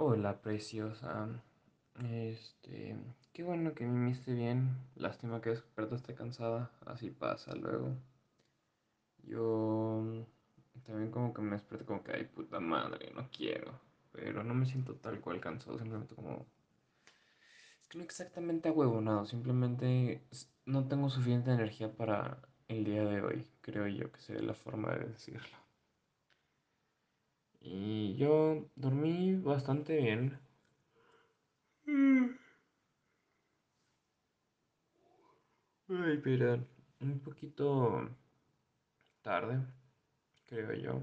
Hola, preciosa. Este, qué bueno que me esté bien. Lástima que desperto esté cansada. Así pasa luego. Yo también como que me desperté como que, ay, puta madre, no quiero. Pero no me siento tal cual cansado, simplemente como... Es que no exactamente ahuevonado, simplemente no tengo suficiente energía para el día de hoy, creo yo que sería la forma de decirlo. Y yo dormí bastante bien. Mm. Ay, pero un poquito tarde, creo yo.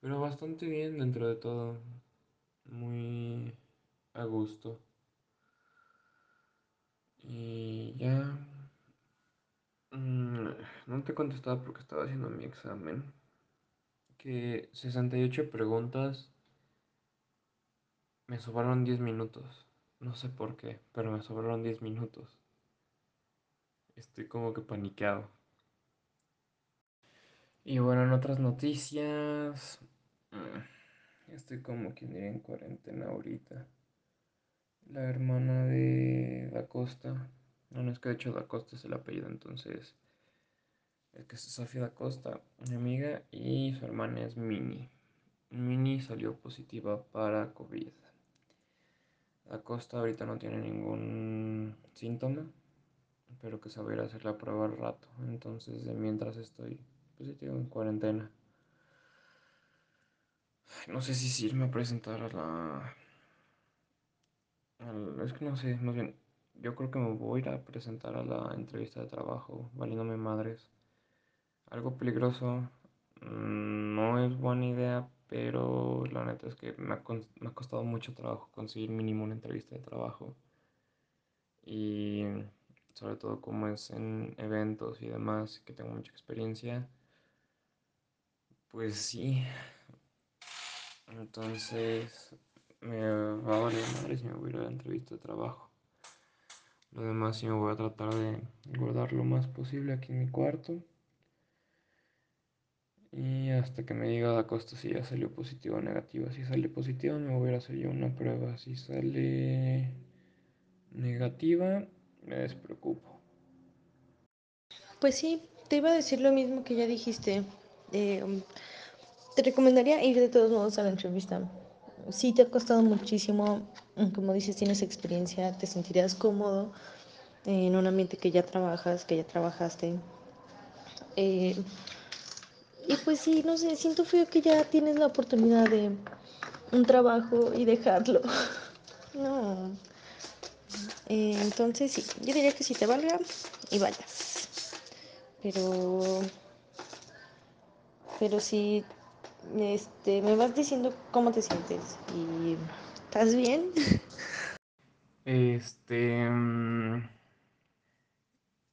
Pero bastante bien dentro de todo. Muy a gusto. Y ya... Mm, no te contestaba porque estaba haciendo mi examen que 68 preguntas me sobraron 10 minutos. No sé por qué, pero me sobraron 10 minutos. Estoy como que paniqueado. Y bueno, en otras noticias... Mm, estoy como quien diría en cuarentena ahorita. La hermana de Da Costa. No, no es que de hecho Da Costa es el apellido, entonces es que es Sofía da Costa, mi amiga, y su hermana es Mini. Mini salió positiva para COVID. Da Costa ahorita no tiene ningún síntoma, pero que saber hacer la prueba al rato. Entonces, mientras estoy positivo en cuarentena. no sé si, irme a presentar a la... Es que no sé, más bien, yo creo que me voy a ir a presentar a la entrevista de trabajo, valiéndome madres algo peligroso mm, no es buena idea, pero la neta es que me ha, costado mucho trabajo conseguir mínimo una entrevista de trabajo. Y sobre todo como es en eventos y demás, que tengo mucha experiencia, pues sí. Entonces me va a valer madre si me voy a a la entrevista de trabajo. Lo demás sí me voy a tratar de guardar lo más posible aquí en mi cuarto. Y hasta que me diga la costa si ya salió positivo o negativo Si sale positivo me voy a hacer yo una prueba. Si sale negativa, me despreocupo. Pues sí, te iba a decir lo mismo que ya dijiste. Eh, um, te recomendaría ir de todos modos a la entrevista. Si te ha costado muchísimo, mm, como dices, tienes experiencia, te sentirías cómodo eh, en un ambiente que ya trabajas, que ya trabajaste. Eh, y pues sí, no sé, siento feo que ya tienes la oportunidad de un trabajo y dejarlo. No. Eh, entonces sí, yo diría que si te valga y vayas. Pero. Pero si este, me vas diciendo cómo te sientes y. ¿Estás bien? Este. Mm,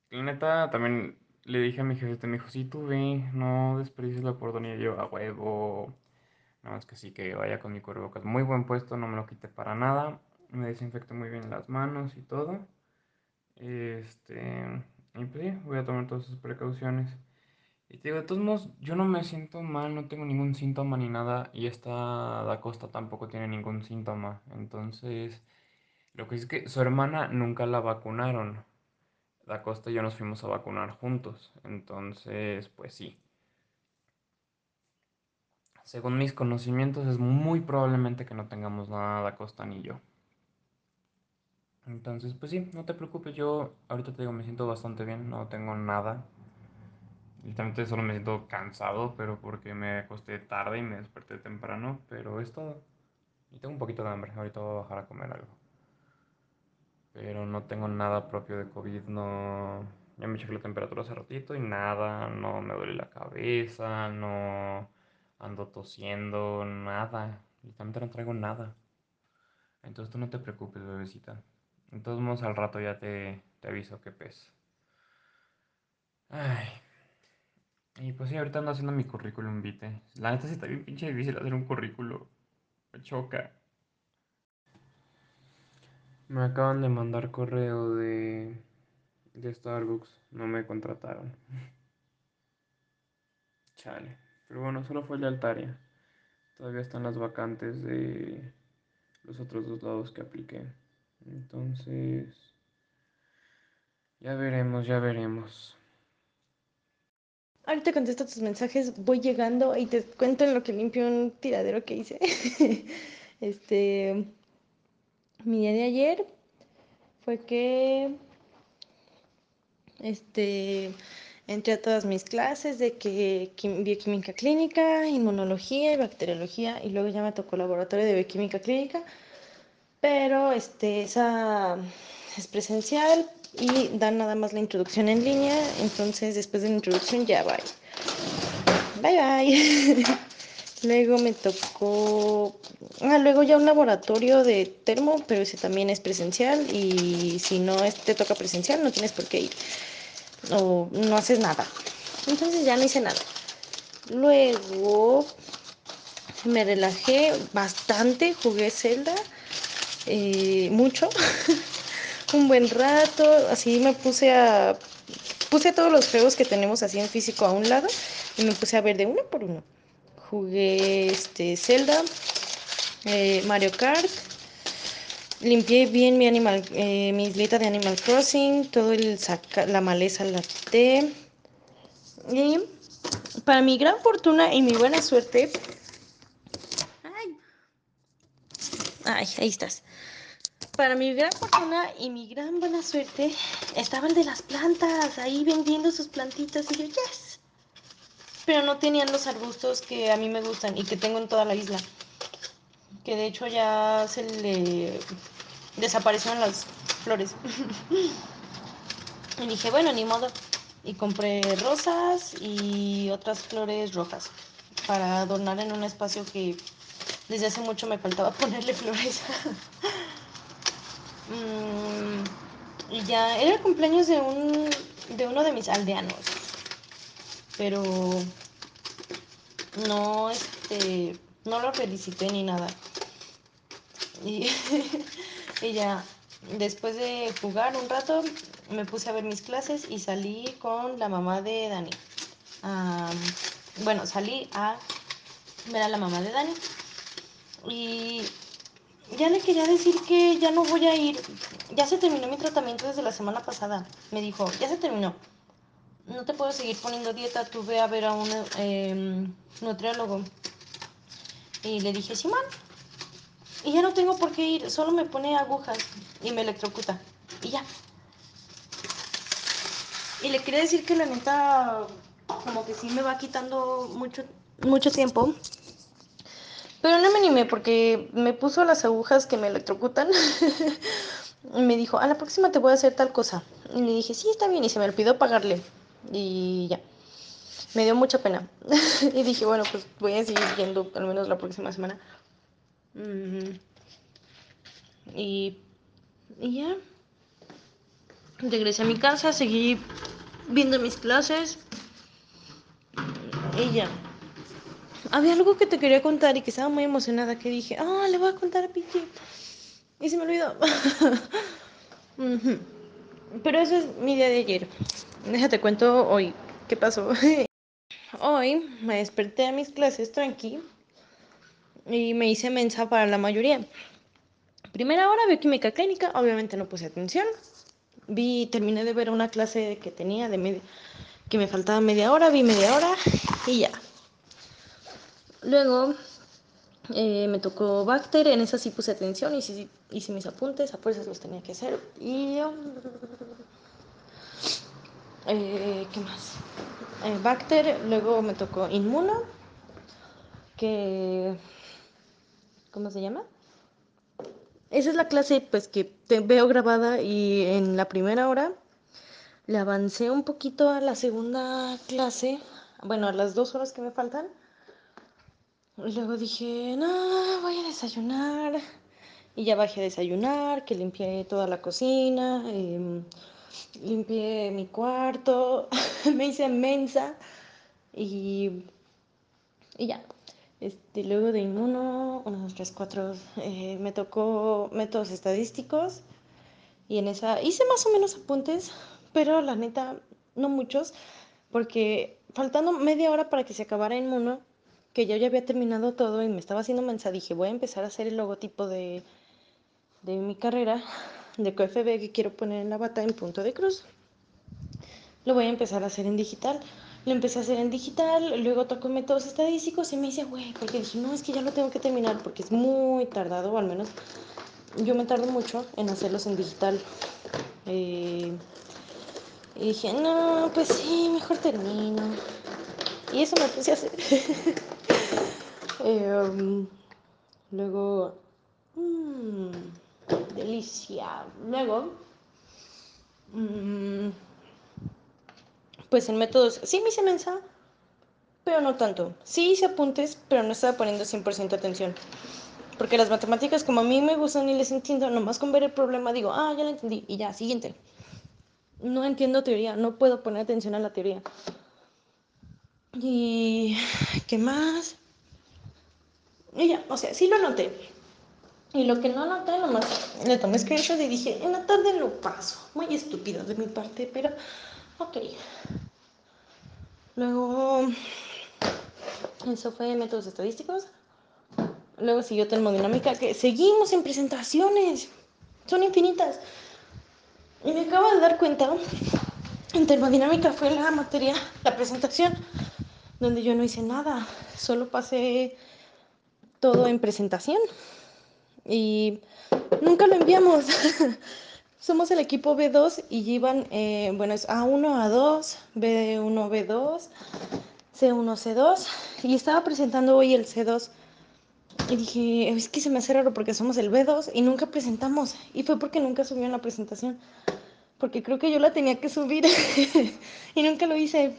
la neta, también le dije a mi jefe, me dijo, sí, tú ve, no desperdices la oportunidad. Y yo, a huevo, Nada más que sí, que vaya con mi cubrebocas. Muy buen puesto, no me lo quité para nada. Me desinfecto muy bien las manos y todo. Este, y pues voy a tomar todas sus precauciones. Y te digo, de todos modos, yo no me siento mal, no tengo ningún síntoma ni nada. Y esta Da Costa tampoco tiene ningún síntoma. Entonces, lo que es que su hermana nunca la vacunaron. Da Costa y yo nos fuimos a vacunar juntos. Entonces, pues sí. Según mis conocimientos, es muy probablemente que no tengamos nada Costa ni yo. Entonces, pues sí, no te preocupes, yo ahorita te digo, me siento bastante bien, no tengo nada. Literalmente solo me siento cansado, pero porque me acosté tarde y me desperté temprano, pero es todo. Y tengo un poquito de hambre, ahorita voy a bajar a comer algo pero no tengo nada propio de COVID, no... Ya me chequeé la temperatura hace ratito y nada, no me duele la cabeza, no ando tosiendo, nada. Literalmente no traigo nada. Entonces tú no te preocupes, bebecita. Entonces vamos al rato ya te, aviso qué peso Ay. Y pues sí, ahorita ando haciendo mi currículum vite. La neta sí está bien pinche difícil hacer un currículum, Me choca. Me acaban de mandar correo de, de Starbucks. No me contrataron. Chale. Pero bueno, solo fue el de Altaria. Todavía están las vacantes de los otros dos lados que apliqué. Entonces... Ya veremos, ya veremos. Ahorita contesto tus mensajes, voy llegando y te cuento en lo que limpio un tiradero que hice. este, mi día de ayer fue que este entré a todas mis clases de que bioquímica clínica, inmunología y bacteriología y luego ya me tocó laboratorio de bioquímica clínica, pero este esa es presencial y dan nada más la introducción en línea, entonces después de la introducción ya bye. Bye bye. Luego me tocó, ah, luego ya un laboratorio de termo, pero ese también es presencial y si no te toca presencial no tienes por qué ir o no haces nada. Entonces ya no hice nada. Luego me relajé bastante, jugué Zelda eh, mucho, un buen rato, así me puse a, puse todos los juegos que tenemos así en físico a un lado y me puse a ver de uno por uno jugué este, Zelda, eh, Mario Kart. Limpié bien mi, animal, eh, mi isleta de Animal Crossing, todo el la maleza la quité. Y para mi gran fortuna y mi buena suerte. Ay. Ay, ahí estás. Para mi gran fortuna y mi gran buena suerte, estaba el de las plantas ahí vendiendo sus plantitas. Y yo, yes, pero no tenían los arbustos que a mí me gustan y que tengo en toda la isla. Que de hecho ya se le desaparecieron las flores. y dije, bueno, ni modo. Y compré rosas y otras flores rojas para adornar en un espacio que desde hace mucho me faltaba ponerle flores. Mm, y ya era el cumpleaños de, un, de uno de mis aldeanos. Pero no, este, no lo felicité ni nada. Y, ella, ya, después de jugar un rato, me puse a ver mis clases y salí con la mamá de Dani. bueno, salí a ver a la mamá de Dani. Y ya le quería decir que ya no voy a ir. Ya se terminó mi tratamiento desde la semana pasada. Me dijo, ya se terminó no te puedo seguir poniendo dieta, tuve a ver a un em, nutriólogo. Y le dije, Simón Y ya no tengo por qué ir, solo me pone agujas y me electrocuta. Y ya. Y le quería decir que la neta, como que sí me va quitando mucho, mucho tiempo. Pero no me animé porque me puso las agujas que me electrocutan. y me dijo, a la próxima te voy a hacer tal cosa. Y le dije, sí, está bien. Y se me olvidó pagarle. Y ya. Me dio mucha pena. y dije, bueno, pues voy a seguir yendo al menos la próxima semana. Y, y ya. Regresé a mi casa, seguí viendo mis clases. Y ya. Había algo que te quería contar y que estaba muy emocionada que dije, ah, le voy a contar a Pichi. Y se me olvidó. Pero eso es mi día de ayer. Déjate cuento hoy qué pasó. hoy me desperté a mis clases tranqui y me hice mensa para la mayoría. Primera hora vi química clínica, obviamente no puse atención. Vi, terminé de ver una clase que tenía de que me faltaba media hora, vi media hora y ya. Luego eh, me tocó Bacter, en esa sí puse atención, y hice mis apuntes, a fuerzas los tenía que hacer. Y. Um, eh, ¿Qué más? Eh, Bacter, luego me tocó Inmuno, que. ¿Cómo se llama? Esa es la clase pues que te veo grabada y en la primera hora le avancé un poquito a la segunda clase, bueno, a las dos horas que me faltan Luego dije, no, voy a desayunar. Y ya bajé a desayunar, que limpié toda la cocina, em, limpié mi cuarto, me hice mensa y, ya. Este, luego de inmuno, Unos tres, cuatro eh, me tocó métodos estadísticos y en esa hice más o menos apuntes, pero la neta, no muchos, porque faltando media hora para que se acabara inmuno, que yo ya había terminado todo y me estaba haciendo mensa, dije, voy a empezar a hacer el logotipo de, de mi carrera, de KFB que quiero poner en la bata en punto de cruz. Lo voy a empezar a hacer en digital. Lo empecé a hacer en digital, luego tocó métodos estadísticos y me dice, güey, porque dije, no, es que ya lo tengo que terminar porque es muy tardado, o al menos yo me tardo mucho en hacerlos en digital. Eh, y dije, no, pues sí, mejor termino. Y eso me puse a hacer. Em, luego, mm, delicia. Luego, mm, pues en métodos, sí me hice mensa, pero no tanto. Sí hice apuntes, pero no estaba poniendo 100% atención. Porque las matemáticas, como a mí me gustan y les entiendo, nomás con ver el problema digo, ah, ya lo entendí, y ya, siguiente. No entiendo teoría, no puedo poner atención a la teoría. ¿Y qué más? Y ya, o sea, sí lo anoté. Y lo que no anoté, nomás le tomé screenshot y dije, en la tarde lo paso. Muy estúpido de mi parte, pero ok. Luego, eso fue métodos estadísticos. Luego siguió termodinámica, que seguimos en presentaciones. Son infinitas. Y me acabo de dar cuenta, en termodinámica fue la materia, la presentación, donde yo no hice nada. Solo pasé todo en presentación y nunca lo enviamos. Somos el equipo B2 y llevan, eh, bueno, es A1, A2, B1, B2, C1, C2 y estaba presentando hoy el C2 y dije, es que se me hace raro porque somos el B2 y nunca presentamos y fue porque nunca en la presentación porque creo que yo la tenía que subir y nunca lo hice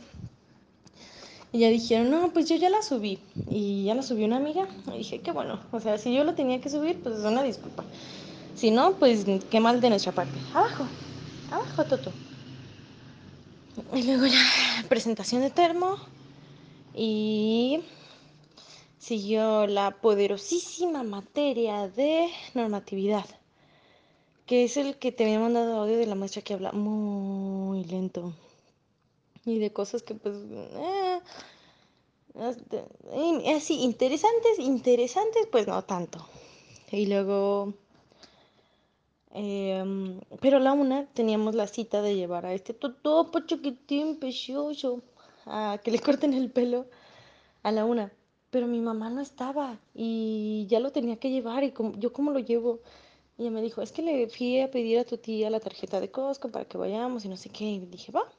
y ya dijeron, no, pues yo ya la subí. Y ya la subió una amiga. Y dije, qué bueno. O sea, si yo lo tenía que subir, pues es una disculpa. Si no, pues qué mal de nuestra parte. Abajo, abajo, Toto. Y luego la presentación de termo. Y siguió la poderosísima materia de normatividad, que es el que te había mandado audio de la maestra que habla muy lento y de cosas que pues... así, eh, este, eh, interesantes, interesantes, pues no tanto. Y luego... Em, pero a la una teníamos la cita de llevar a este totopo chiquitín precioso a que le corten el pelo a la una. Pero mi mamá no estaba y ya lo tenía que llevar y como, yo cómo lo llevo. Y ella me dijo, es que le fui a pedir a tu tía la tarjeta de Costco para que vayamos y no sé qué. Y dije, va.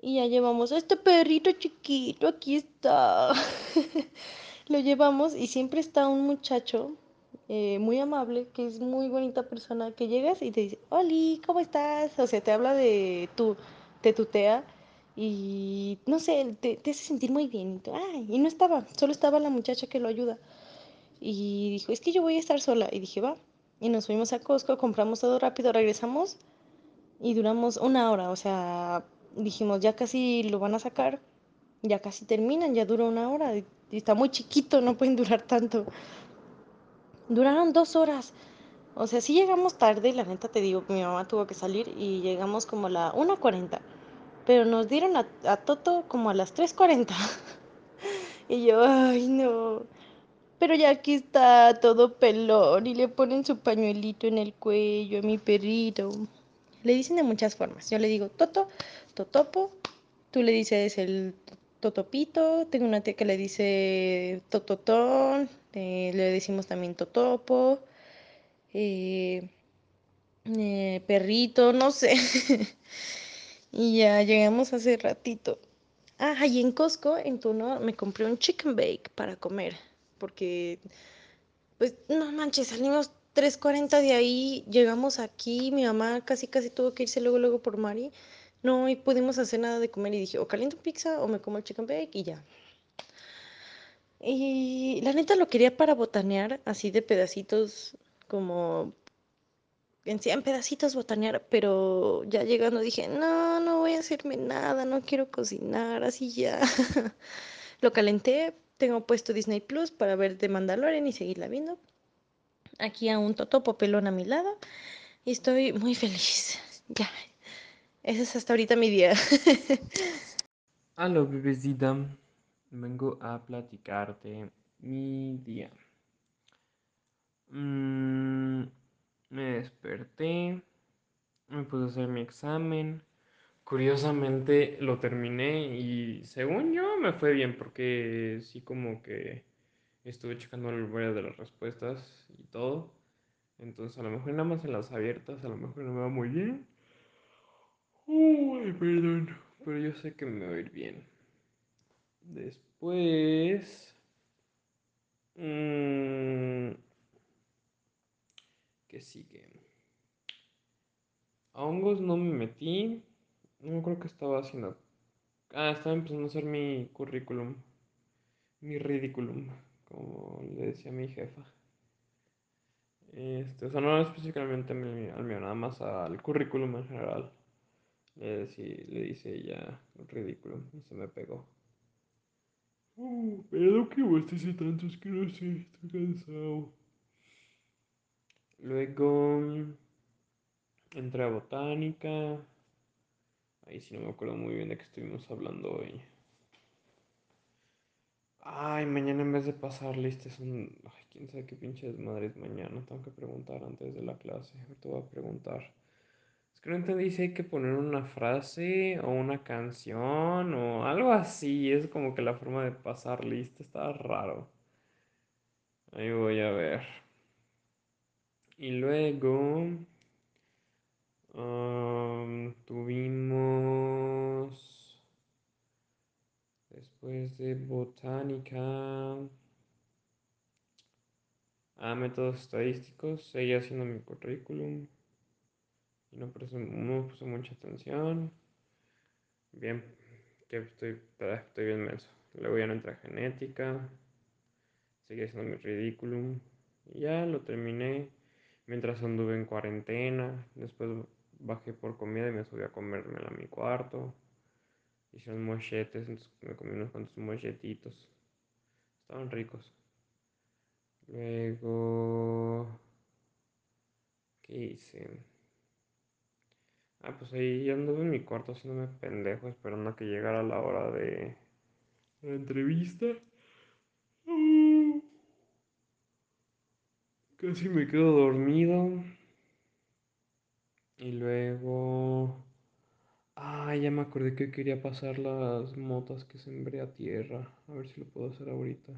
Y ya llevamos este perrito chiquito, aquí está. Lo llevamos y siempre está un muchacho eh, muy amable, que es muy bonita persona, que llegas y te dice, Oli, ¿cómo estás? O sea, te habla de tú, te tutea y no sé, te, hace sentir muy bien. y no estaba, solo estaba la muchacha que lo ayuda. Y dijo, es que yo voy a estar sola. Y dije, va. Y nos fuimos a Costco, compramos todo rápido, regresamos y duramos una hora. O sea, dijimos, ya casi lo van a sacar, ya casi terminan, ya dura una hora, y está muy chiquito, no pueden durar tanto. Duraron dos horas. O sea, si llegamos tarde, la neta te digo, mi mamá tuvo que salir y llegamos como a la 1.40, pero nos dieron a, a Toto como a las 3.40. y yo, ay no. Pero ya aquí está todo pelón y le ponen su pañuelito en el cuello a mi perrito. Le dicen de muchas formas. Yo le digo Toto, Totopo, tú le dices el Totopito, tengo una tía que le dice Tototón, eh, le decimos también Totopo, eh, eh, perrito, no sé. y ya llegamos hace ratito. Ah, y en Costco, en Tuno, me compré un chicken bake para comer, porque, pues, no manches, salimos 3.40 de ahí, llegamos aquí, mi mamá casi casi tuvo que irse luego luego por Mari, no y pudimos hacer nada de comer y dije, o caliento pizza o me como el chicken bake y ya. Y la neta lo quería para botanear, así de pedacitos, como en pedacitos botanear, pero ya llegando dije, no, no voy a hacerme nada, no quiero cocinar, así ya. lo calenté, tengo puesto Disney Plus para ver The Mandalorian y seguirla viendo aquí a un totopo pelón a mi lado y estoy muy feliz. Ya, ese es hasta ahorita mi día. Hola, bebecita. Vengo a platicarte mi día. Mm, me desperté, me puse a hacer mi examen. Curiosamente lo terminé y según yo me fue bien porque sí como que estuve checando varias de las respuestas y todo. Entonces, a lo mejor nada más en las abiertas, a lo mejor no me va muy bien. Uy, perdón. Pero yo sé que me va a ir bien. Después. Mm, ¿Qué sigue? A hongos no me metí. No creo que estaba haciendo. Ah, estaba empezando a hacer mi currículum. Mi ridículum como le decía mi jefa. Este, o sea, no específicamente al mío, nada más al currículum en general. Le, le dice ella, ridículo, y se me pegó. Uh, pero que vos te tanto es que no sé, estoy cansado. Luego entré a botánica. Ahí si no me acuerdo muy bien de qué estuvimos hablando hoy. Ay, mañana en vez de pasar lista es un... Ay, quién sabe qué pinche desmadre mañana. Tengo que preguntar antes de la clase. Ahorita voy a preguntar. Es que no entendí si hay que poner una frase o una canción o algo así. Es como que la forma de pasar lista está raro. Ahí voy a ver. Y luego... tuvimos... Después de botánica a ah, métodos estadísticos, seguí haciendo mi currículum y no puso, puso mucha atención. Bien, que estoy, ah, estoy bien menso. Luego ya no entré a genética, seguí haciendo mi ridículum ya lo terminé. Mientras anduve en cuarentena, después bajé por comida y me subí a comérmela a mi cuarto. Hicieron mochetes, entonces me comí unos cuantos mochetitos Estaban ricos. Luego... ¿Qué hice? Ah, pues ahí anduve en mi cuarto haciéndome pendejo, esperando a que llegara la hora de la entrevista. Casi me quedo dormido. Y luego... Ah, ya me acordé que quería pasar las motas que sembré a tierra. A ver si lo puedo hacer ahorita.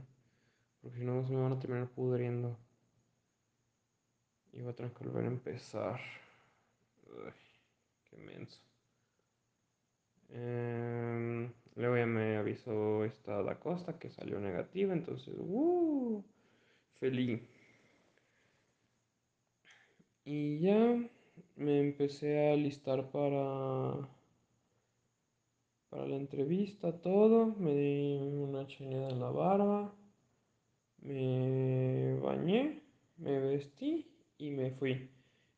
Porque si no, se me van a terminar pudriendo. Y voy a tener que volver a empezar. Uy, qué menso. Em, luego ya me avisó esta la costa que salió negativa, entonces, uh, feliz. Y ya me empecé a listar para para la entrevista, todo. Me di una chañada en la barba, me bañé, me vestí y me fui.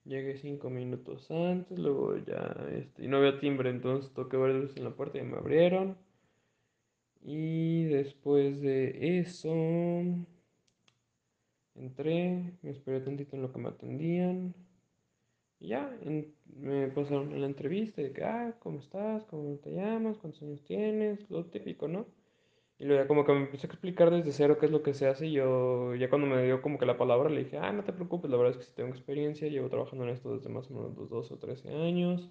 Llegué cinco minutos antes, luego ya, este, y no había timbre, entonces toqué varias veces en la puerta y me abrieron. Y después de eso, entré, me esperé tantito en lo que me atendían, y ya, en, me pasaron la entrevista de que, ah, ¿cómo estás? ¿Cómo te llamas? ¿Cuántos años tienes? Lo típico, ¿no? Y luego ya como que me empecé a explicar desde cero qué es lo que se hace y yo ya cuando me dio como que la palabra le dije, ah, no te preocupes, la verdad es que sí tengo experiencia, llevo trabajando en esto desde más o menos dos o 13 años,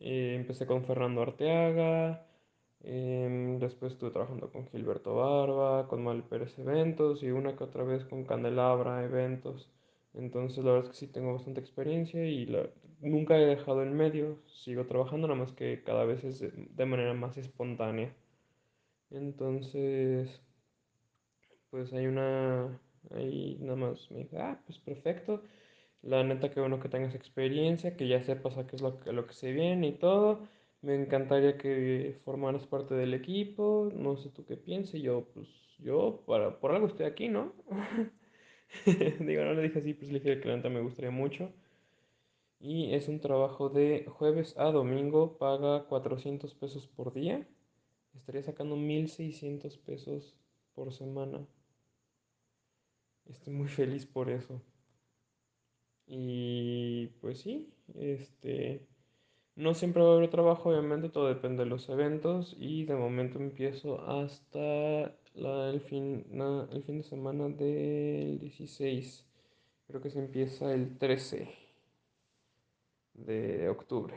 eh, empecé con Fernando Arteaga, em, después estuve trabajando con Gilberto Barba, con Mal Pérez Eventos y una que otra vez con Candelabra Eventos. Entonces la verdad es que sí tengo bastante experiencia y la, nunca he dejado en medio, sigo trabajando, nada más que cada vez es de manera más espontánea. Entonces, pues hay una, ahí nada más me dice, ah, pues perfecto. La neta que bueno que tengas experiencia, que ya sepas a qué es lo, lo que se viene y todo. Me encantaría que formaras parte del equipo, no sé tú qué pienses, yo pues yo para, por algo estoy aquí, ¿no? Digo, no le dije así, pues le dije que me gustaría mucho. Y es un trabajo de jueves a domingo, paga 400 pesos por día. Estaría sacando 1600 pesos por semana. Estoy muy feliz por eso. Y pues sí, este no siempre va a haber trabajo, obviamente todo depende de los eventos y de momento empiezo hasta el, fin, el fin de semana del 16. Creo que se empieza el 13 de octubre.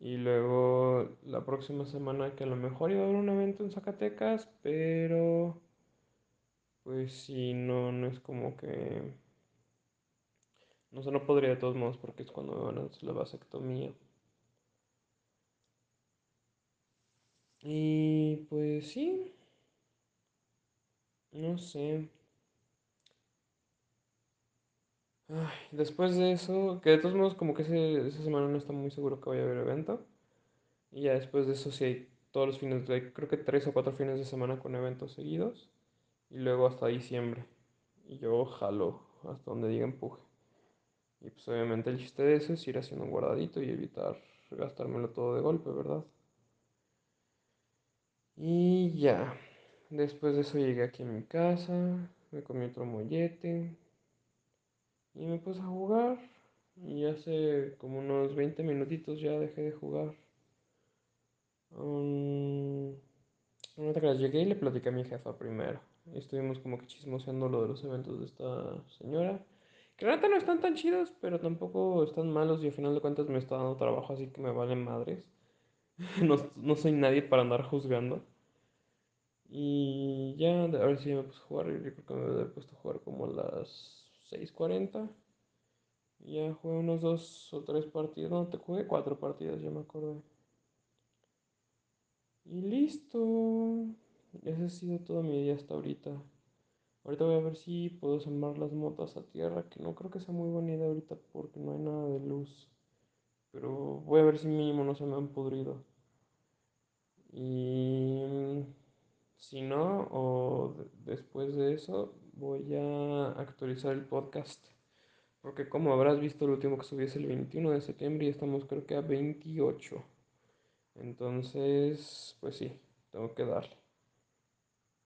Y luego la próxima semana que a lo mejor iba a haber un evento en Zacatecas, pero pues si no, no es como que... No se, no podría de todos modos porque es cuando me van a hacer la vasectomía. Y pues sí, no sé. después de eso, que de todos modos como que esa semana no está muy seguro que vaya a haber evento. Y ya después de eso si hay todos los fines, de- creo que tres o cuatro fines de semana con eventos seguidos. Y luego hasta diciembre. Y yo jalo hasta donde diga empuje. Y pues obviamente el chiste de eso es ir haciendo un guardadito y evitar gastármelo todo de golpe, ¿verdad? Y ya. Después de eso llegué aquí a mi casa, me comí otro mollete y me puse a jugar. Y hace como unos 20 minutitos ya dejé de jugar. Um, mm, no que creas, llegué y le platicé a mi jefa primero. estuvimos como que chismoseando lo de los eventos de esta señora. Que la no están tan chidos, pero tampoco están malos y al final de cuentas me está dando trabajo, así que me valen madres. no soy nadie para andar juzgando. Y ya, a ver si me puse a jugar. Yo creo que me había puesto a jugar como a las 6:40. Ya jugué unos dos o tres partidos. No, te jugué cuatro partidas, ya me acordé. Y listo. Ese ha sido todo mi día hasta ahorita. Ahorita voy a ver si puedo sembrar las motas a tierra, que no creo que sea muy buena idea ahorita porque no hay nada de luz. Pero voy a ver si mínimo no se me han podrido. Y mm, si no, o después de eso, voy a actualizar el podcast. Porque como habrás visto, el último que subí es el 21 de septiembre y estamos creo que a 28. Entonces, pues sí, tengo que darle.